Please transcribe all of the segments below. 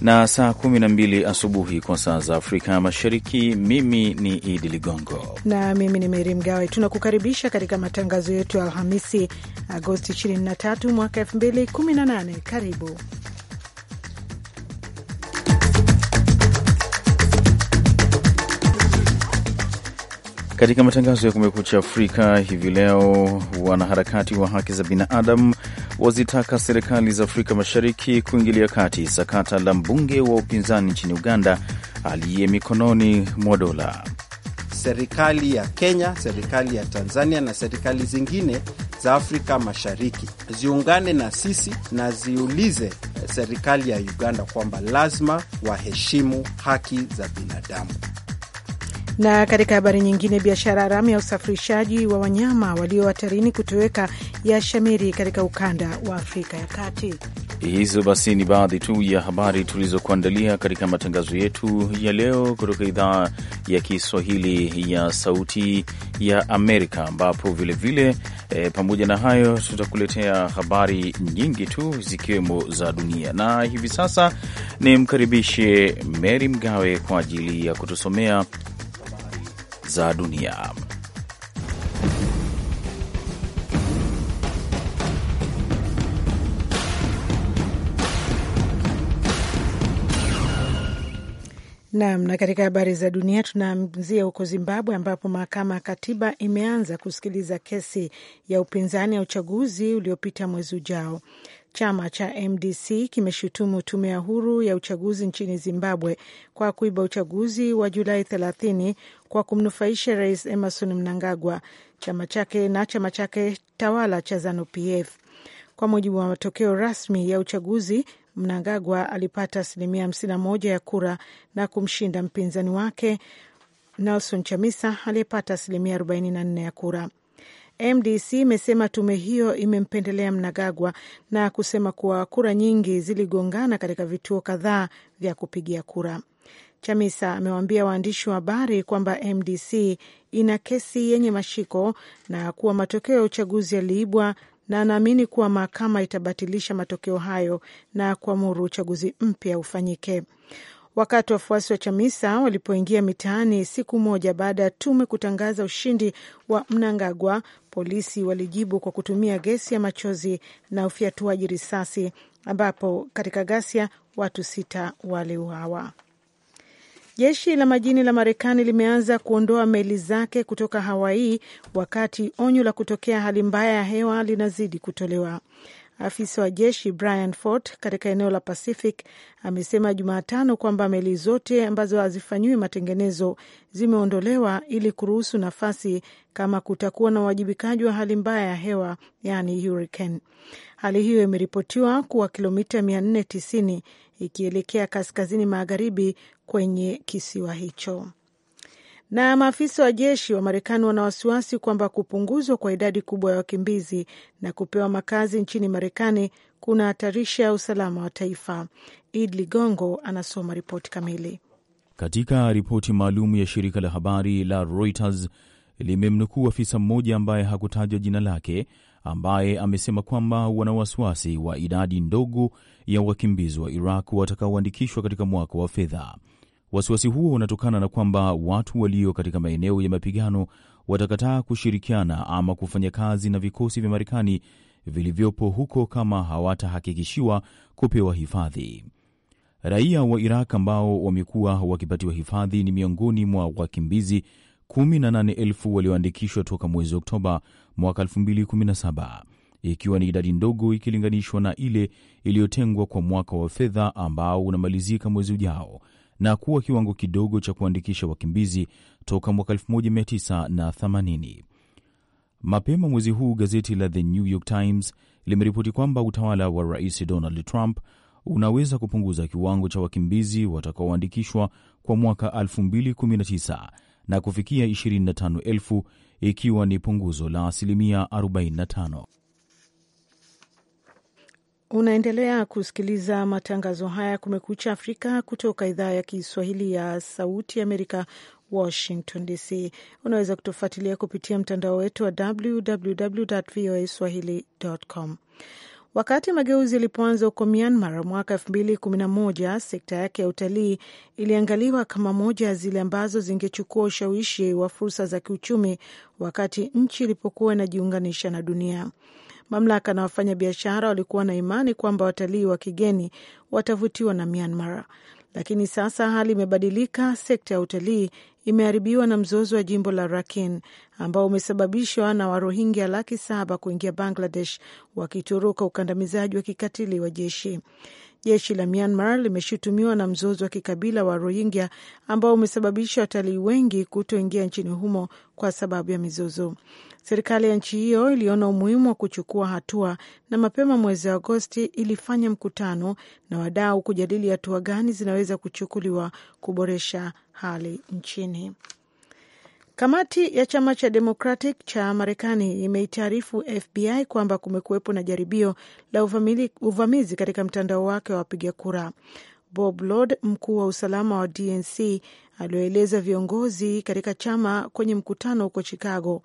na saa 12 asubuhi kwa saa za Afrika Mashariki. Mimi ni Idi Ligongo na mimi ni Meri Mgawe. Tunakukaribisha katika matangazo yetu ya Alhamisi, Agosti 23 mwaka 2018. Karibu Katika matangazo ya Kumekucha Afrika hivi leo, wanaharakati wa haki za binadamu wazitaka serikali za Afrika Mashariki kuingilia kati sakata la mbunge wa upinzani nchini Uganda aliye mikononi mwa dola. Serikali ya Kenya, serikali ya Tanzania na serikali zingine za Afrika Mashariki ziungane na sisi na ziulize serikali ya Uganda kwamba lazima waheshimu haki za binadamu. Na katika habari nyingine, biashara haramu ya usafirishaji wa wanyama walio hatarini kutoweka ya shamiri katika ukanda wa Afrika ya Kati. Hizo basi ni baadhi tu ya habari tulizokuandalia katika matangazo yetu ya leo kutoka idhaa ya Kiswahili ya Sauti ya Amerika, ambapo vilevile e, eh, pamoja na hayo tutakuletea habari nyingi tu zikiwemo za dunia, na hivi sasa nimkaribishe Mary Mgawe kwa ajili ya kutusomea za dunia. Nam, na katika habari za dunia tunaanzia huko Zimbabwe ambapo mahakama ya katiba imeanza kusikiliza kesi ya upinzani ya uchaguzi uliopita mwezi ujao. Chama cha MDC kimeshutumu tume ya huru ya uchaguzi nchini Zimbabwe kwa kuiba uchaguzi wa Julai 30 kwa kumnufaisha Rais Emerson Mnangagwa chama chake na chama chake tawala cha ZANUPF. Kwa mujibu wa matokeo rasmi ya uchaguzi, Mnangagwa alipata asilimia 51 ya kura na kumshinda mpinzani wake Nelson Chamisa aliyepata asilimia 44 ya kura. MDC imesema tume hiyo imempendelea mnagagwa na kusema kuwa kura nyingi ziligongana katika vituo kadhaa vya kupigia kura. Chamisa amewaambia waandishi wa habari kwamba MDC ina kesi yenye mashiko na kuwa matokeo ya uchaguzi yaliibwa na anaamini kuwa mahakama itabatilisha matokeo hayo na kuamuru uchaguzi mpya ufanyike wakati wafuasi wa Chamisa walipoingia mitaani siku moja baada ya tume kutangaza ushindi wa Mnangagwa, polisi walijibu kwa kutumia gesi ya machozi na ufyatuaji risasi, ambapo katika ghasia watu sita waliuawa. Jeshi la majini la Marekani limeanza kuondoa meli zake kutoka Hawaii wakati onyo la kutokea hali mbaya ya hewa linazidi kutolewa. Afisa wa jeshi Brian Fort katika eneo la Pacific amesema Jumatano kwamba meli zote ambazo hazifanyiwi matengenezo zimeondolewa ili kuruhusu nafasi kama kutakuwa na uwajibikaji wa hali mbaya ya hewa, yani hurricane. Hali hiyo imeripotiwa kuwa kilomita 490 ikielekea kaskazini magharibi kwenye kisiwa hicho. Na maafisa wa jeshi wa Marekani wana wasiwasi kwamba kupunguzwa kwa idadi kubwa ya wakimbizi na kupewa makazi nchini Marekani kuna hatarisha usalama wa taifa. Id Ligongo anasoma ripoti kamili. Katika ripoti maalum ya shirika la habari la Reuters limemnukuu afisa mmoja ambaye hakutajwa jina lake, ambaye amesema kwamba wana wasiwasi wa idadi ndogo ya wakimbizi wa Iraq watakaoandikishwa katika mwaka wa fedha. Wasiwasi huo unatokana na kwamba watu walio katika maeneo ya mapigano watakataa kushirikiana ama kufanya kazi na vikosi vya Marekani vilivyopo huko kama hawatahakikishiwa kupewa hifadhi. Raia wa Iraq ambao wamekuwa wakipatiwa hifadhi ni miongoni mwa wakimbizi 18,000 walioandikishwa toka mwezi Oktoba mwaka 2017 ikiwa ni idadi ndogo ikilinganishwa na ile iliyotengwa kwa mwaka wa fedha ambao unamalizika mwezi ujao na kuwa kiwango kidogo cha kuandikisha wakimbizi toka mwaka 1980. Mapema mwezi huu gazeti la The New York Times limeripoti kwamba utawala wa Rais Donald Trump unaweza kupunguza kiwango cha wakimbizi watakaoandikishwa kwa mwaka 2019 na kufikia 25,000 ikiwa ni punguzo la asilimia 45. Unaendelea kusikiliza matangazo haya Kumekucha Afrika kutoka idhaa ya Kiswahili ya Sauti Amerika, Washington DC. Unaweza kutufuatilia kupitia mtandao wetu wa www voa swahili.com. Wakati mageuzi yalipoanza huko Myanmar mwaka elfu mbili kumi na moja, sekta yake ya utalii iliangaliwa kama moja ya zile ambazo zingechukua ushawishi wa fursa za kiuchumi wakati nchi ilipokuwa inajiunganisha na dunia. Mamlaka na wafanyabiashara walikuwa na imani kwamba watalii wa kigeni watavutiwa na Myanmar, lakini sasa hali imebadilika. Sekta ya utalii imeharibiwa na mzozo wa jimbo la Rakhine ambao umesababishwa na Warohingya laki saba kuingia Bangladesh wakituruka ukandamizaji wa kikatili wa jeshi. Jeshi la Myanmar limeshutumiwa na mzozo wa kikabila wa Rohingya ambao umesababisha watalii wengi kutoingia nchini humo kwa sababu ya mizozo. Serikali ya nchi hiyo iliona umuhimu wa kuchukua hatua na mapema mwezi wa Agosti ilifanya mkutano na wadau kujadili hatua gani zinaweza kuchukuliwa kuboresha hali nchini. Kamati ya chama cha Democratic cha Marekani imeitaarifu FBI kwamba kumekuwepo na jaribio la uvamili, uvamizi katika mtandao wake wa wapiga kura. Bob Lord, mkuu wa usalama wa DNC, alioeleza viongozi katika chama kwenye mkutano huko Chicago,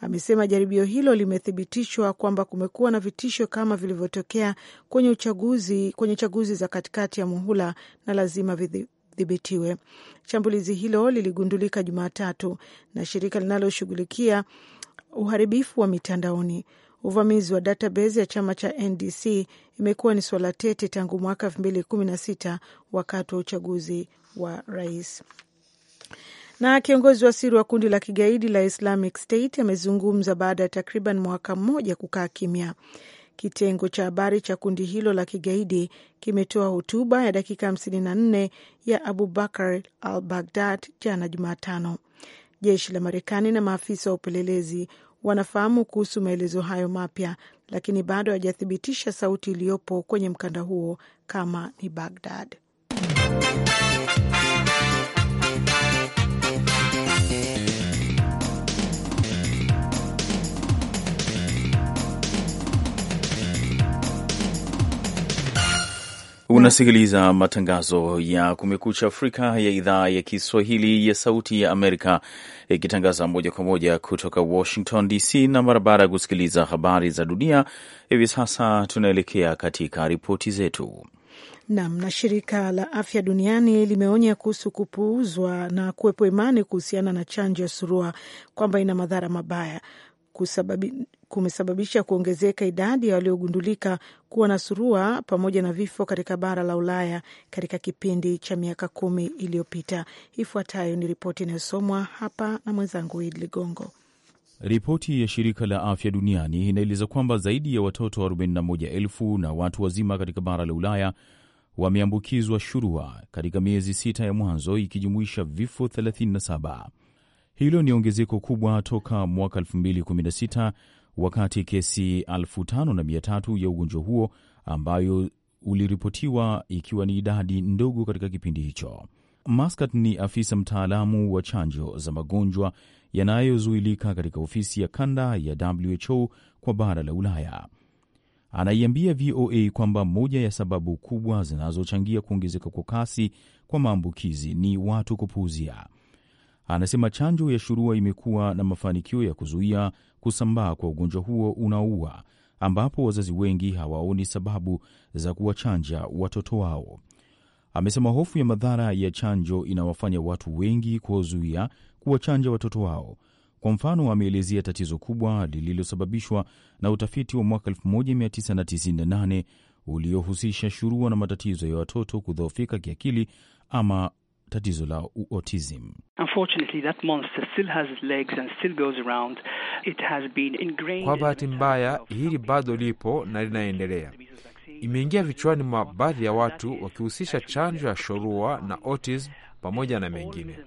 amesema jaribio hilo limethibitishwa kwamba kumekuwa na vitisho kama vilivyotokea kwenye uchaguzi, kwenye chaguzi za katikati ya muhula na lazima udhibitiwe. Shambulizi hilo liligundulika Jumatatu na shirika linaloshughulikia uharibifu wa mitandaoni. Uvamizi wa database ya chama cha NDC imekuwa ni swala tete tangu mwaka 2016 wakati wa uchaguzi wa rais. Na kiongozi wa siri wa kundi la kigaidi la Islamic State amezungumza baada ya takriban mwaka mmoja kukaa kimya. Kitengo cha habari cha kundi hilo la kigaidi kimetoa hotuba ya dakika 54 ya Abubakar al Baghdad jana Jumatano. Jeshi la Marekani na maafisa wa upelelezi wanafahamu kuhusu maelezo hayo mapya, lakini bado hawajathibitisha sauti iliyopo kwenye mkanda huo kama ni Baghdad. Unasikiliza matangazo ya Kumekucha Afrika ya idhaa ya Kiswahili ya Sauti ya Amerika ikitangaza moja kwa moja kutoka Washington DC. Na mara baada ya kusikiliza habari za dunia, hivi sasa tunaelekea katika ripoti zetu. Nam na shirika la afya duniani limeonya kuhusu kupuuzwa na kuwepo imani kuhusiana na chanjo ya surua kwamba ina madhara mabaya kusababi, kumesababisha kuongezeka idadi ya waliogundulika kuwa na surua pamoja na vifo katika bara la Ulaya katika kipindi cha miaka kumi iliyopita. Ifuatayo ni ripoti inayosomwa hapa na mwenzangu Id Ligongo. Ripoti ya shirika la afya duniani inaeleza kwamba zaidi ya watoto 41,000 na watu wazima katika bara la Ulaya wameambukizwa shurua katika miezi sita ya mwanzo ikijumuisha vifo 37. Hilo ni ongezeko kubwa toka mwaka 2016 wakati kesi 5300 ya ugonjwa huo ambayo uliripotiwa ikiwa ni idadi ndogo katika kipindi hicho. Maskat ni afisa mtaalamu wa chanjo za magonjwa yanayozuilika katika ofisi ya kanda ya WHO kwa bara la Ulaya. Anaiambia VOA kwamba moja ya sababu kubwa zinazochangia kuongezeka kwa kasi kwa maambukizi ni watu kupuuzia. Anasema chanjo ya shurua imekuwa na mafanikio ya kuzuia kusambaa kwa ugonjwa huo unaua ambapo wazazi wengi hawaoni sababu za kuwachanja watoto wao. Amesema hofu ya madhara ya chanjo inawafanya watu wengi kuwazuia kuwachanja watoto wao. Kwa mfano, ameelezea tatizo kubwa lililosababishwa na utafiti wa mwaka 1998 uliohusisha shurua na matatizo ya watoto kudhoofika kiakili ama tatizo la autism. Kwa bahati mbaya, hili bado lipo na linaendelea imeingia vichwani mwa baadhi ya watu wakihusisha chanjo ya shorua na autism pamoja na mengine,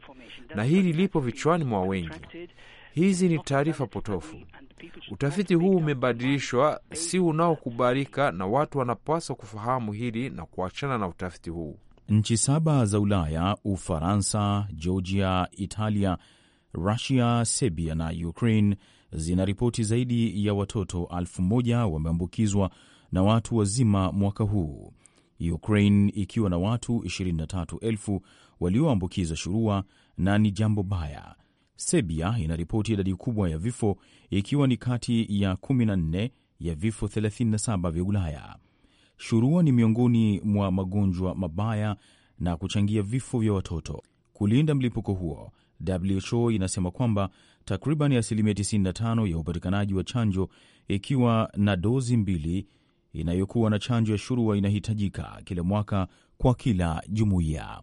na hili lipo vichwani mwa wengi. Hizi ni taarifa potofu. Utafiti huu umebadilishwa, si unaokubalika, na watu wanapaswa kufahamu hili na kuachana na utafiti huu. Nchi saba za Ulaya Ufaransa, Georgia, Italia, Rusia, Serbia na Ukraine zina ripoti zaidi ya watoto elfu moja wameambukizwa na watu wazima mwaka huu, Ukraine ikiwa na watu 23,000 walioambukiza shurua na ni jambo baya. Serbia ripoti idadi kubwa ya vifo ikiwa ni kati ya 14 ya vifo 37 vya Ulaya. Shurua ni miongoni mwa magonjwa mabaya na kuchangia vifo vya watoto. Kulinda mlipuko huo, WHO inasema kwamba takriban asilimia 95 ya upatikanaji wa chanjo ikiwa na dozi mbili inayokuwa na chanjo ya shurua inahitajika kila mwaka kwa kila jumuiya.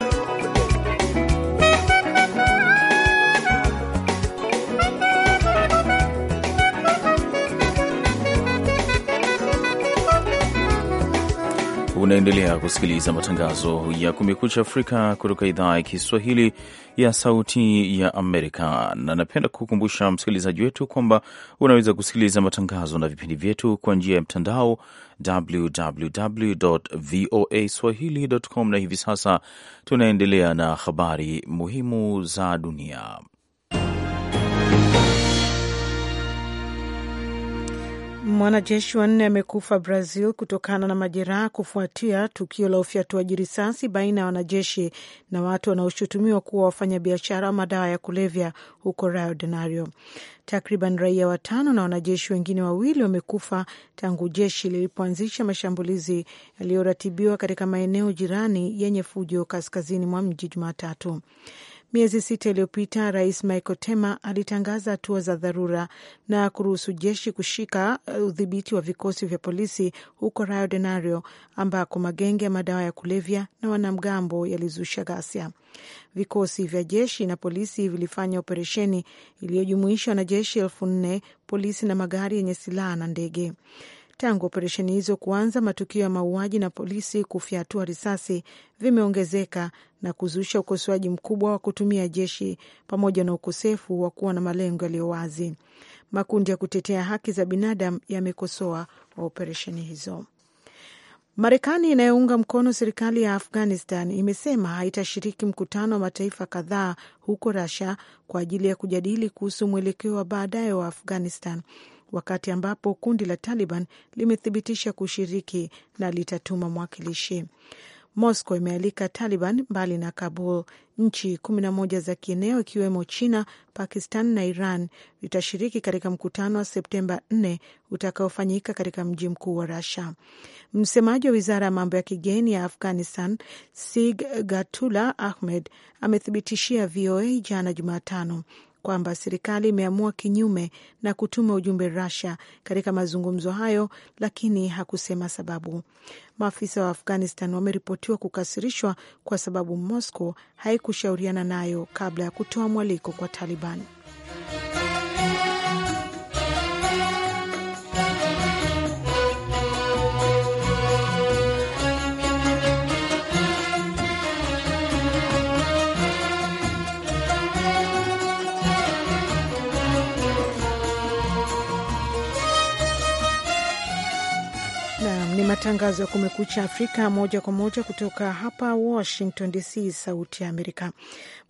Unaendelea kusikiliza matangazo ya Kumekucha Afrika kutoka idhaa ya Kiswahili ya Sauti ya Amerika, na napenda kukumbusha msikilizaji wetu kwamba unaweza kusikiliza matangazo na vipindi vyetu kwa njia ya mtandao www voa swahili.com, na hivi sasa tunaendelea na habari muhimu za dunia. Mwanajeshi wanne amekufa Brazil kutokana na majeraha kufuatia tukio la ufyatuaji risasi baina ya wanajeshi na watu wanaoshutumiwa kuwa wafanyabiashara wa madawa ya kulevya huko Rio de Janeiro. Takriban raia watano na wanajeshi wengine wawili wamekufa tangu jeshi lilipoanzisha mashambulizi yaliyoratibiwa katika maeneo jirani yenye fujo kaskazini mwa mji Jumatatu. Miezi sita iliyopita, Rais mico Tema alitangaza hatua za dharura na kuruhusu jeshi kushika uh, udhibiti wa vikosi vya polisi huko Rio Denario, ambako magenge ya madawa ya kulevya na wanamgambo yalizusha ghasia. Vikosi vya jeshi na polisi vilifanya operesheni iliyojumuisha wanajeshi elfu nne polisi na magari yenye silaha na ndege. Tangu operesheni hizo kuanza, matukio ya mauaji na polisi kufyatua risasi vimeongezeka na kuzusha ukosoaji mkubwa wa kutumia jeshi pamoja na ukosefu wa kuwa na malengo yaliyo wazi. Makundi ya kutetea haki za binadamu yamekosoa operesheni hizo. Marekani inayounga mkono serikali ya Afghanistan imesema haitashiriki mkutano wa mataifa kadhaa huko rasia kwa ajili ya kujadili kuhusu mwelekeo wa baadaye wa Afghanistan wakati ambapo kundi la Taliban limethibitisha kushiriki na litatuma mwakilishi. Moscow imealika Taliban mbali na Kabul, nchi kumi na moja za kieneo ikiwemo China, Pakistan na Iran litashiriki katika mkutano wa Septemba 4 utakaofanyika katika mji mkuu wa Russia. Msemaji wa wizara ya mambo ya kigeni ya Afghanistan, Sig gatula Ahmed, amethibitishia VOA jana Jumatano kwamba serikali imeamua kinyume na kutuma ujumbe Russia katika mazungumzo hayo, lakini hakusema sababu. Maafisa wa Afghanistan wameripotiwa kukasirishwa kwa sababu Moscow haikushauriana nayo kabla ya kutoa mwaliko kwa Taliban. matangazo ya Kumekucha Afrika moja kwa moja kutoka hapa Washington DC, Sauti ya Amerika.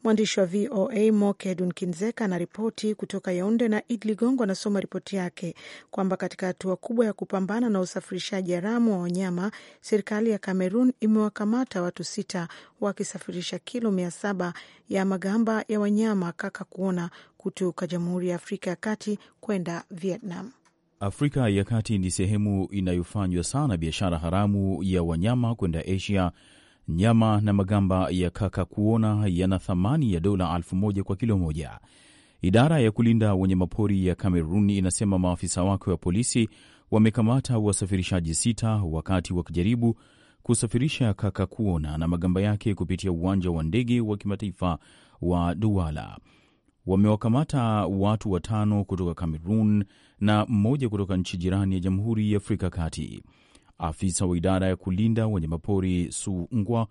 Mwandishi wa VOA Moke Edun Kinzeka anaripoti kutoka Yaunde na Id Ligongo anasoma ripoti yake kwamba katika hatua kubwa ya kupambana na usafirishaji haramu wa wanyama, serikali ya Kamerun imewakamata watu sita wakisafirisha kilo mia saba ya magamba ya wanyama kaka kuona kutoka Jamhuri ya Afrika ya Kati kwenda Vietnam. Afrika ya Kati ni sehemu inayofanywa sana biashara haramu ya wanyama kwenda Asia. Nyama na magamba ya kakakuona yana thamani ya dola elfu moja kwa kilo moja. Idara ya kulinda wanyamapori ya Kamerun inasema maafisa wake wa polisi wamekamata wasafirishaji sita wakati wakijaribu kusafirisha kakakuona na magamba yake kupitia uwanja wa ndege wa kimataifa wa Douala wamewakamata watu watano kutoka cameron na mmoja kutoka nchi jirani ya Jamhuri ya Afrika Kati. Afisa wa idara ya kulinda wanyamapori Su Ngwa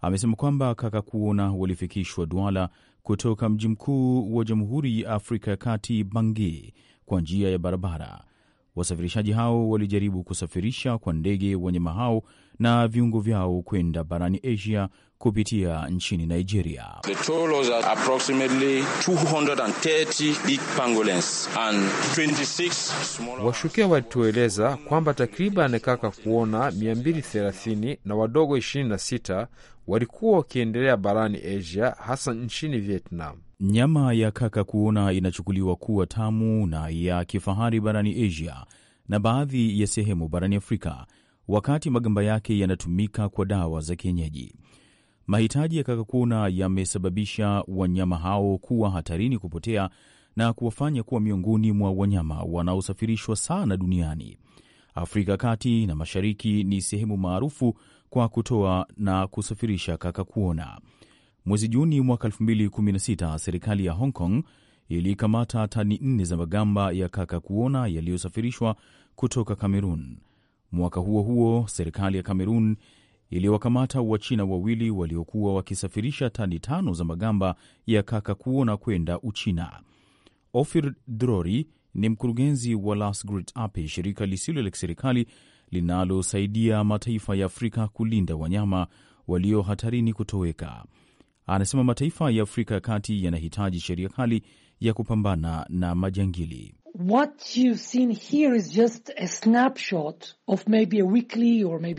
amesema kwamba kakakuona walifikishwa duala kutoka mji mkuu wa Jamhuri ya Afrika ya Kati, bange kwa njia ya barabara. Wasafirishaji hao walijaribu kusafirisha kwa ndege wanyama hao na viungo vyao kwenda barani Asia kupitia nchini Nigeria. The toll was approximately 230 big pangolins and 26 smaller. Washukiwa walitueleza kwamba takriban kaka kuona 230 na wadogo 26 walikuwa wakiendelea barani Asia, hasa nchini Vietnam. Nyama ya kaka kuona inachukuliwa kuwa tamu na ya kifahari barani Asia na baadhi ya sehemu barani Afrika, wakati magamba yake yanatumika kwa dawa za kienyeji. Mahitaji ya kakakuna yamesababisha wanyama hao kuwa hatarini kupotea na kuwafanya kuwa miongoni mwa wanyama wanaosafirishwa sana duniani. Afrika Kati na Mashariki ni sehemu maarufu kwa kutoa na kusafirisha kakakuona. Mwezi Juni mwaka 2016 serikali ya Hong Kong ilikamata tani nne za magamba ya kakakuona yaliyosafirishwa kutoka Kamerun. Mwaka huo huo serikali ya Kamerun iliwakamata Wachina wawili waliokuwa wakisafirisha tani tano za magamba ya kaka kuona kwenda Uchina. Ofir Drori ni mkurugenzi wa Lasgrit Ape, shirika lisilo la kiserikali linalosaidia mataifa ya Afrika kulinda wanyama walio hatarini kutoweka. Anasema mataifa ya Afrika ya kati yanahitaji sheria kali ya kupambana na majangili.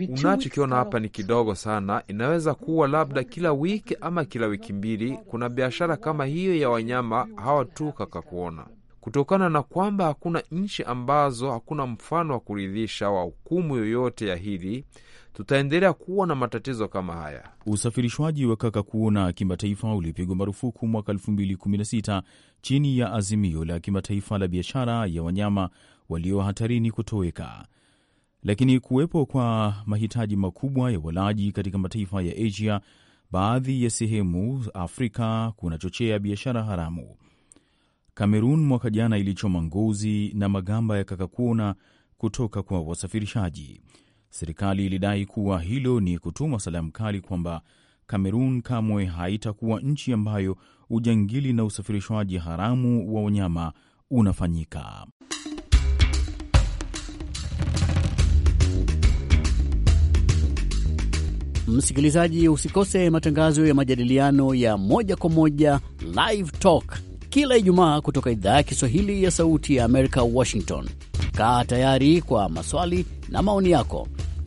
Unachokiona hapa ni kidogo sana. Inaweza kuwa labda kila wiki ama kila wiki mbili kuna biashara kama hiyo ya wanyama hawa tu kakakuona, kutokana na kwamba hakuna nchi ambazo hakuna mfano wa kuridhisha wa hukumu yoyote ya hili tutaendelea kuwa na matatizo kama haya. Usafirishwaji wa kaka kuona kimataifa ulipigwa marufuku mwaka 2016 chini ya azimio la kimataifa la biashara ya wanyama walio hatarini kutoweka, lakini kuwepo kwa mahitaji makubwa ya walaji katika mataifa ya Asia, baadhi ya sehemu Afrika, kunachochea biashara haramu. Kamerun mwaka jana ilichoma ngozi na magamba ya kakakuona kutoka kwa wasafirishaji. Serikali ilidai kuwa hilo ni kutuma salamu kali kwamba Kamerun kamwe haitakuwa nchi ambayo ujangili na usafirishwaji haramu wa wanyama unafanyika. Msikilizaji, usikose matangazo ya majadiliano ya moja kwa moja Live Talk kila Ijumaa kutoka idhaa ya Kiswahili ya Sauti ya Amerika, Washington. Kaa tayari kwa maswali na maoni yako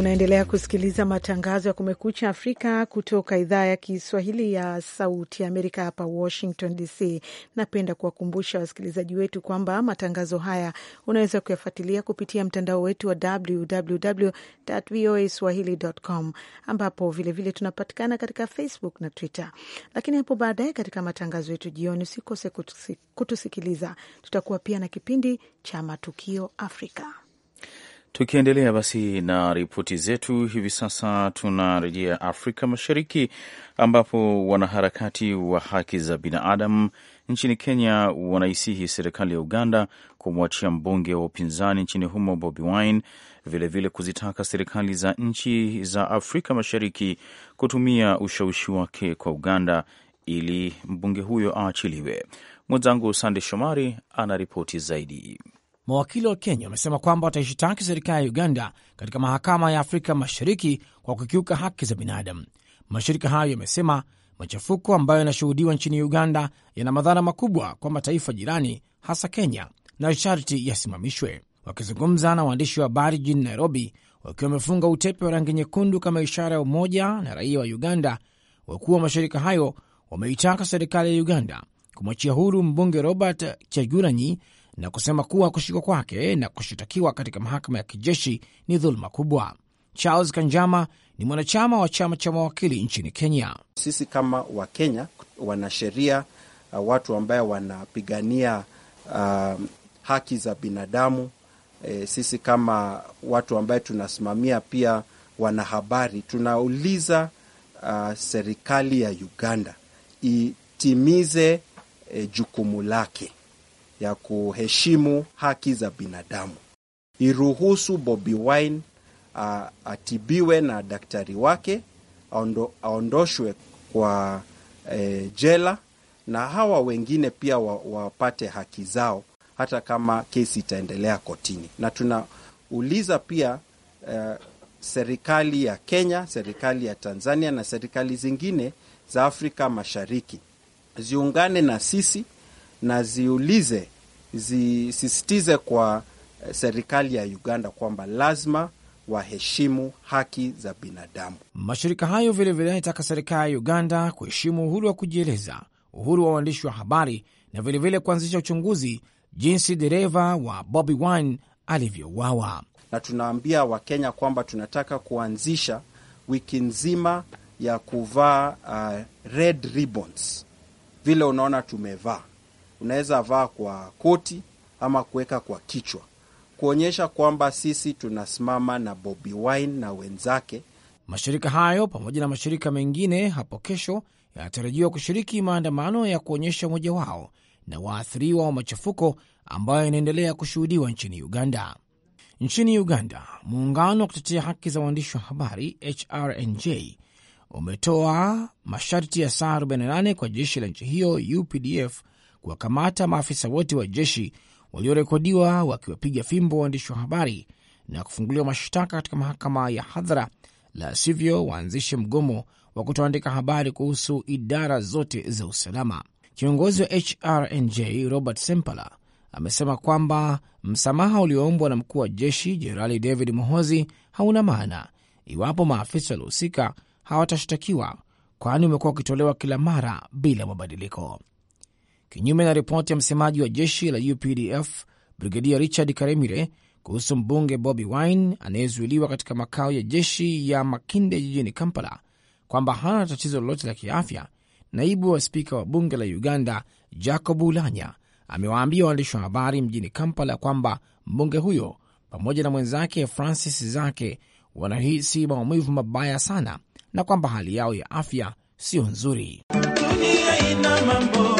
Unaendelea kusikiliza matangazo ya Kumekucha Afrika kutoka idhaa ya Kiswahili ya Sauti ya Amerika, hapa Washington DC. Napenda kuwakumbusha wasikilizaji wetu kwamba matangazo haya unaweza kuyafuatilia kupitia mtandao wetu wa www voa swahili.com, ambapo vilevile vile tunapatikana katika Facebook na Twitter. Lakini hapo baadaye katika matangazo yetu jioni, usikose kutusikiliza. Tutakuwa pia na kipindi cha Matukio Afrika. Tukiendelea basi na ripoti zetu hivi sasa, tunarejea Afrika Mashariki ambapo wanaharakati wa haki za binadamu nchini Kenya wanaisihi serikali ya Uganda kumwachia mbunge wa upinzani nchini humo Bobi Wine, vilevile kuzitaka serikali za nchi za Afrika Mashariki kutumia ushawishi wake kwa Uganda ili mbunge huyo aachiliwe. Mwenzangu Sande Shomari ana ripoti zaidi. Mawakili wa Kenya wamesema kwamba wataishitaki serikali ya Uganda katika mahakama ya Afrika Mashariki kwa kukiuka haki za binadamu. Mashirika hayo yamesema machafuko ambayo yanashuhudiwa nchini Uganda yana madhara makubwa kwa mataifa jirani, hasa Kenya, na sharti yasimamishwe. Wakizungumza na waandishi wa habari jijini Nairobi, wakiwa wamefunga utepe wa rangi nyekundu kama ishara ya umoja na raia wa Uganda, wakuu wa mashirika hayo wameitaka serikali ya Uganda kumwachia huru mbunge Robert Chaguranyi na kusema kuwa kushikwa kwake na kushitakiwa katika mahakama ya kijeshi ni dhuluma kubwa. Charles Kanjama ni mwanachama wa chama cha mawakili nchini Kenya. Sisi kama Wakenya, wanasheria, uh, watu ambaye wanapigania uh, haki za binadamu e, sisi kama watu ambaye tunasimamia pia wanahabari, tunauliza uh, serikali ya Uganda itimize uh, jukumu lake ya kuheshimu haki za binadamu. Iruhusu Bobi Wine a, atibiwe na daktari wake, aondo, aondoshwe kwa e, jela na hawa wengine pia wapate wa haki zao, hata kama kesi itaendelea kotini. Na tunauliza pia e, serikali ya Kenya, serikali ya Tanzania na serikali zingine za Afrika Mashariki ziungane na sisi na ziulize, zisisitize kwa eh, serikali ya Uganda kwamba lazima waheshimu haki za binadamu. Mashirika hayo vilevile yanataka serikali ya Uganda kuheshimu uhuru wa kujieleza, uhuru wa waandishi wa habari na vilevile kuanzisha uchunguzi jinsi dereva wa Bobi Wine alivyouawa. Na tunaambia Wakenya kwamba tunataka kuanzisha wiki nzima ya kuvaa uh, red ribbons vile unaona tumevaa unaweza vaa kwa koti ama kuweka kwa kichwa, kuonyesha kwamba sisi tunasimama na Bobi Wine na wenzake. Mashirika hayo pamoja na mashirika mengine hapo kesho yanatarajiwa kushiriki maandamano ya kuonyesha umoja wao na waathiriwa wa machafuko ambayo yanaendelea kushuhudiwa nchini Uganda. Nchini Uganda, muungano wa kutetea haki za waandishi wa habari HRNJ umetoa masharti ya saa 48 kwa jeshi la nchi hiyo UPDF kuwakamata maafisa wote wa jeshi waliorekodiwa wakiwapiga fimbo waandishi wa habari na kufunguliwa mashtaka katika mahakama ya hadhara, la sivyo waanzishe mgomo wa kutoandika habari kuhusu idara zote za usalama. Kiongozi wa HRNJ Robert Sempala amesema kwamba msamaha ulioombwa na mkuu wa jeshi Jenerali David Mohozi hauna maana iwapo maafisa waliohusika hawatashtakiwa, kwani umekuwa ukitolewa kila mara bila mabadiliko kinyume na ripoti ya msemaji wa jeshi la UPDF Brigedia Richard Karemire kuhusu mbunge Bobi Wine anayezuiliwa katika makao ya jeshi ya Makinde jijini Kampala kwamba hana tatizo lolote la kiafya. Naibu wa spika wa bunge la Uganda Jacob Ulanya amewaambia waandishi wa habari mjini Kampala kwamba mbunge huyo pamoja na mwenzake Francis Zake wanahisi maumivu mabaya sana na kwamba hali yao ya afya siyo nzuri. Dunia ina mambo.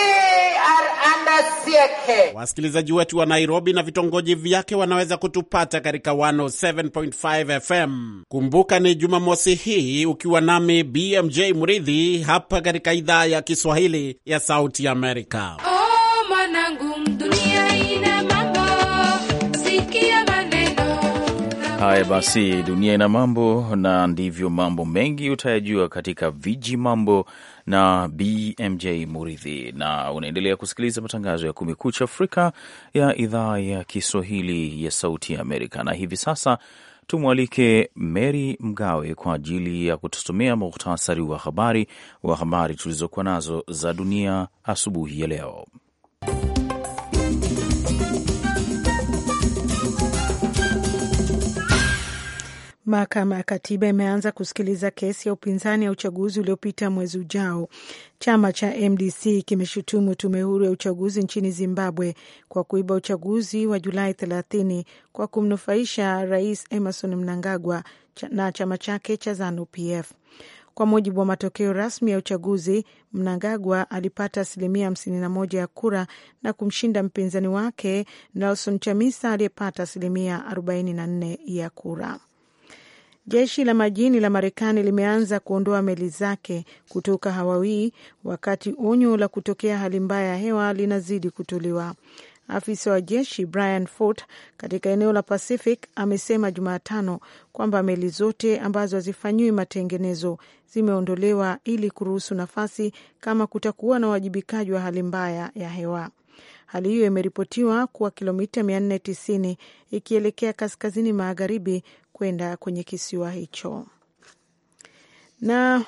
Wasikilizaji wetu wa Nairobi na vitongoji vyake wanaweza kutupata katika 107.5 FM. Kumbuka ni Jumamosi hii ukiwa nami BMJ Mridhi hapa katika idhaa ya Kiswahili ya Sauti Amerika. Oh, Haya basi, dunia ina mambo, na ndivyo mambo mengi utayajua katika viji mambo na BMJ Muridhi, na unaendelea kusikiliza matangazo ya Kumekucha Afrika ya idhaa ya Kiswahili ya Sauti ya Amerika. Na hivi sasa tumwalike Mary Mgawe kwa ajili ya kutusomea muhtasari wa habari wa habari tulizokuwa nazo za dunia asubuhi ya leo. Mahakama ya Katiba imeanza kusikiliza kesi ya upinzani ya uchaguzi uliopita mwezi ujao. Chama cha MDC kimeshutumu tume huru ya uchaguzi nchini Zimbabwe kwa kuiba uchaguzi wa Julai 30 kwa kumnufaisha Rais Emerson Mnangagwa na chama chake cha ZANU PF. Kwa mujibu wa matokeo rasmi ya uchaguzi, Mnangagwa alipata asilimia 51 ya kura na kumshinda mpinzani wake Nelson Chamisa aliyepata asilimia 44 ya kura. Jeshi la majini la Marekani limeanza kuondoa meli zake kutoka Hawaii wakati onyo la kutokea hali mbaya ya hewa linazidi kutolewa. Afisa wa jeshi Brian Fort katika eneo la Pacific amesema Jumatano kwamba meli zote ambazo hazifanyiwi matengenezo zimeondolewa ili kuruhusu nafasi kama kutakuwa na uwajibikaji wa hali mbaya ya hewa. Hali hiyo imeripotiwa kuwa kilomita 490 ikielekea kaskazini magharibi kwenda kwenye kisiwa hicho. Na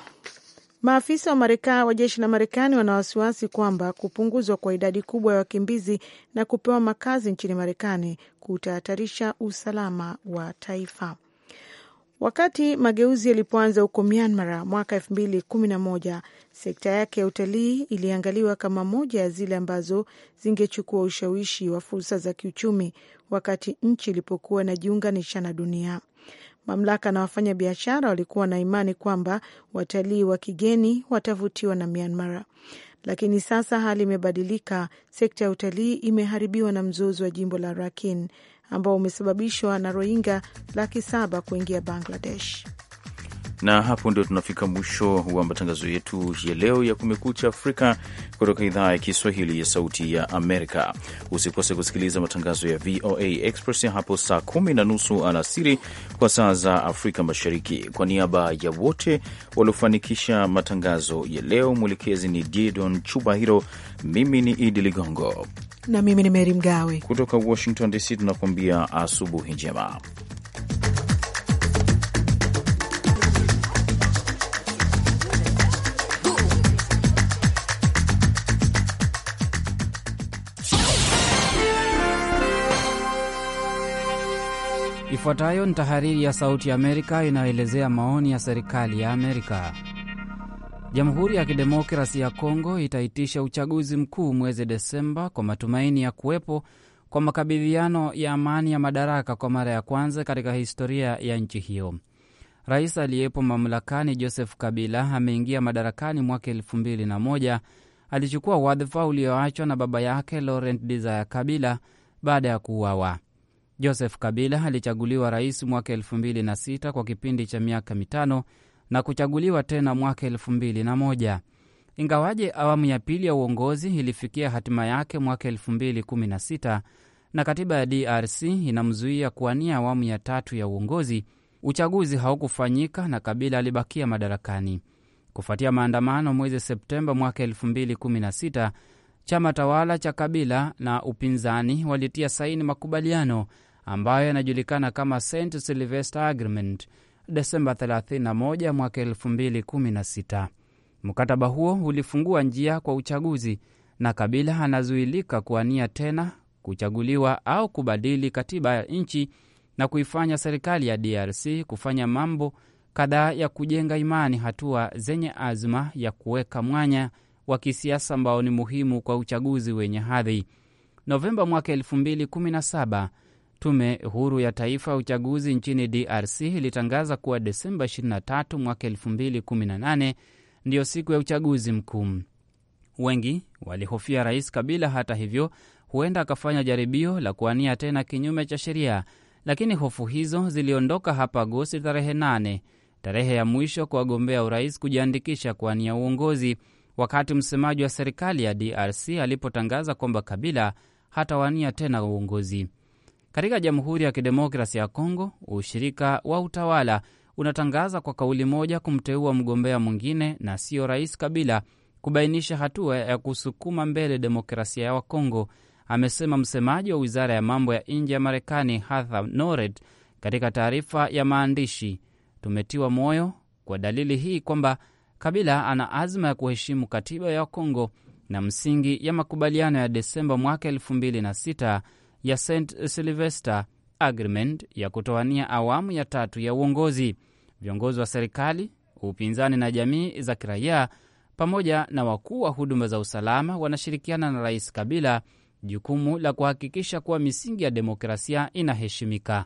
maafisa wa Marekani wa jeshi la Marekani wana wasiwasi kwamba kupunguzwa kwa idadi kubwa ya wakimbizi na kupewa makazi nchini Marekani kutahatarisha usalama wa taifa. Wakati mageuzi yalipoanza huko Myanmar mwaka elfu mbili kumi na moja, sekta yake ya utalii iliangaliwa kama moja ya zile ambazo zingechukua ushawishi wa fursa za kiuchumi wakati nchi ilipokuwa inajiunganisha na dunia. Mamlaka na wafanyabiashara walikuwa na imani kwamba watalii wa kigeni watavutiwa na Myanmar, lakini sasa hali imebadilika. Sekta ya utalii imeharibiwa na mzozo wa jimbo la Rakhine ambao umesababishwa na Rohingya laki saba kuingia Bangladesh na hapo ndio tunafika mwisho wa matangazo yetu ya leo ya Kumekucha Afrika kutoka idhaa ya Kiswahili ya Sauti ya Amerika. Usikose kusikiliza matangazo ya VOA Express hapo saa kumi na nusu alasiri kwa saa za Afrika Mashariki. Kwa niaba ya wote waliofanikisha matangazo ya leo, mwelekezi ni Gideon Chubahiro, mimi ni Idi Ligongo na mimi ni Meri Mgawe kutoka Washington DC, tunakuambia asubuhi njema. Ifuatayo ni tahariri ya Sauti ya Amerika inayoelezea maoni ya serikali ya Amerika. Jamhuri ya Kidemokrasi ya Kongo itaitisha uchaguzi mkuu mwezi Desemba kwa matumaini ya kuwepo kwa makabidhiano ya amani ya madaraka kwa mara ya kwanza katika historia ya nchi hiyo. Rais aliyepo mamlakani Joseph Kabila ameingia madarakani mwaka elfu mbili na moja. Alichukua wadhifa ulioachwa na baba yake Laurent Desire Kabila baada ya kuuawa. Joseph Kabila alichaguliwa rais mwaka sita kwa kipindi cha miaka mitano na kuchaguliwa tena mwaka moja Ingawaje awamu ya pili ya uongozi ilifikia hatima yake mwaka kumi na katiba ya DRC inamzuia kuwania awamu ya tatu ya uongozi, uchaguzi haukufanyika na Kabila alibakia madarakani. Kufuatia maandamano mwezi Septemba mwaka sita chama tawala cha Kabila na upinzani walitia saini makubaliano ambayo yanajulikana kama St Sylvester Agreement Desemba 31 mwaka 2016. Mkataba huo ulifungua njia kwa uchaguzi na Kabila anazuilika kuania tena kuchaguliwa au kubadili katiba ya nchi na kuifanya serikali ya DRC kufanya mambo kadhaa ya kujenga imani, hatua zenye azma ya kuweka mwanya wa kisiasa ambao ni muhimu kwa uchaguzi wenye hadhi. Novemba mwaka Tume Huru ya Taifa ya Uchaguzi nchini DRC ilitangaza kuwa Desemba 23 mwaka 2018 ndiyo siku ya uchaguzi mkuu. Wengi walihofia Rais Kabila, hata hivyo, huenda akafanya jaribio la kuwania tena kinyume cha sheria, lakini hofu hizo ziliondoka hapa Agosti tarehe 8, tarehe ya mwisho kwa wagombea urais kujiandikisha kuwania uongozi, wakati msemaji wa serikali ya DRC alipotangaza kwamba Kabila hatawania tena uongozi. Katika Jamhuri ya Kidemokrasi ya Kongo, ushirika wa utawala unatangaza kwa kauli moja kumteua mgombea mwingine na sio Rais Kabila, kubainisha hatua ya kusukuma mbele demokrasia ya Kongo, amesema msemaji wa wizara ya mambo ya nje ya Marekani Heather Nauert katika taarifa ya maandishi. Tumetiwa moyo kwa dalili hii kwamba Kabila ana azma ya kuheshimu katiba ya Kongo na msingi ya makubaliano ya Desemba mwaka 2006 ya St Sylvester Agreement ya kutoania awamu ya tatu ya uongozi. Viongozi wa serikali, upinzani na jamii za kiraia pamoja na wakuu wa huduma za usalama wanashirikiana na Rais Kabila jukumu la kuhakikisha kuwa misingi ya demokrasia inaheshimika.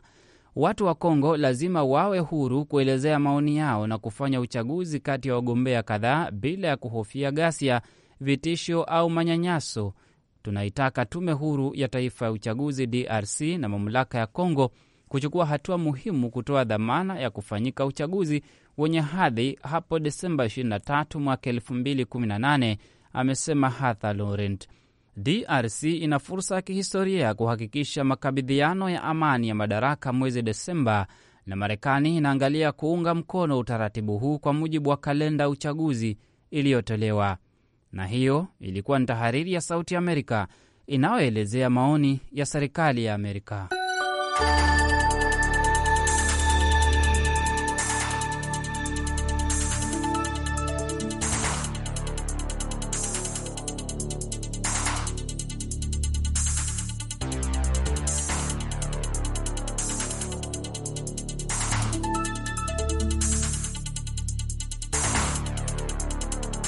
Watu wa Kongo lazima wawe huru kuelezea maoni yao na kufanya uchaguzi kati ya wagombea kadhaa bila ya kuhofia ghasia, vitisho au manyanyaso, Tunaitaka Tume Huru ya Taifa ya Uchaguzi DRC na mamlaka ya congo kuchukua hatua muhimu kutoa dhamana ya kufanyika uchaguzi wenye hadhi hapo Desemba 23 mwaka 2018, amesema Hatha Laurent. DRC ina fursa ya kihistoria ya kuhakikisha makabidhiano ya amani ya madaraka mwezi Desemba, na Marekani inaangalia kuunga mkono utaratibu huu kwa mujibu wa kalenda ya uchaguzi iliyotolewa. Na hiyo ilikuwa ni tahariri ya Sauti Amerika inayoelezea maoni ya serikali ya Amerika.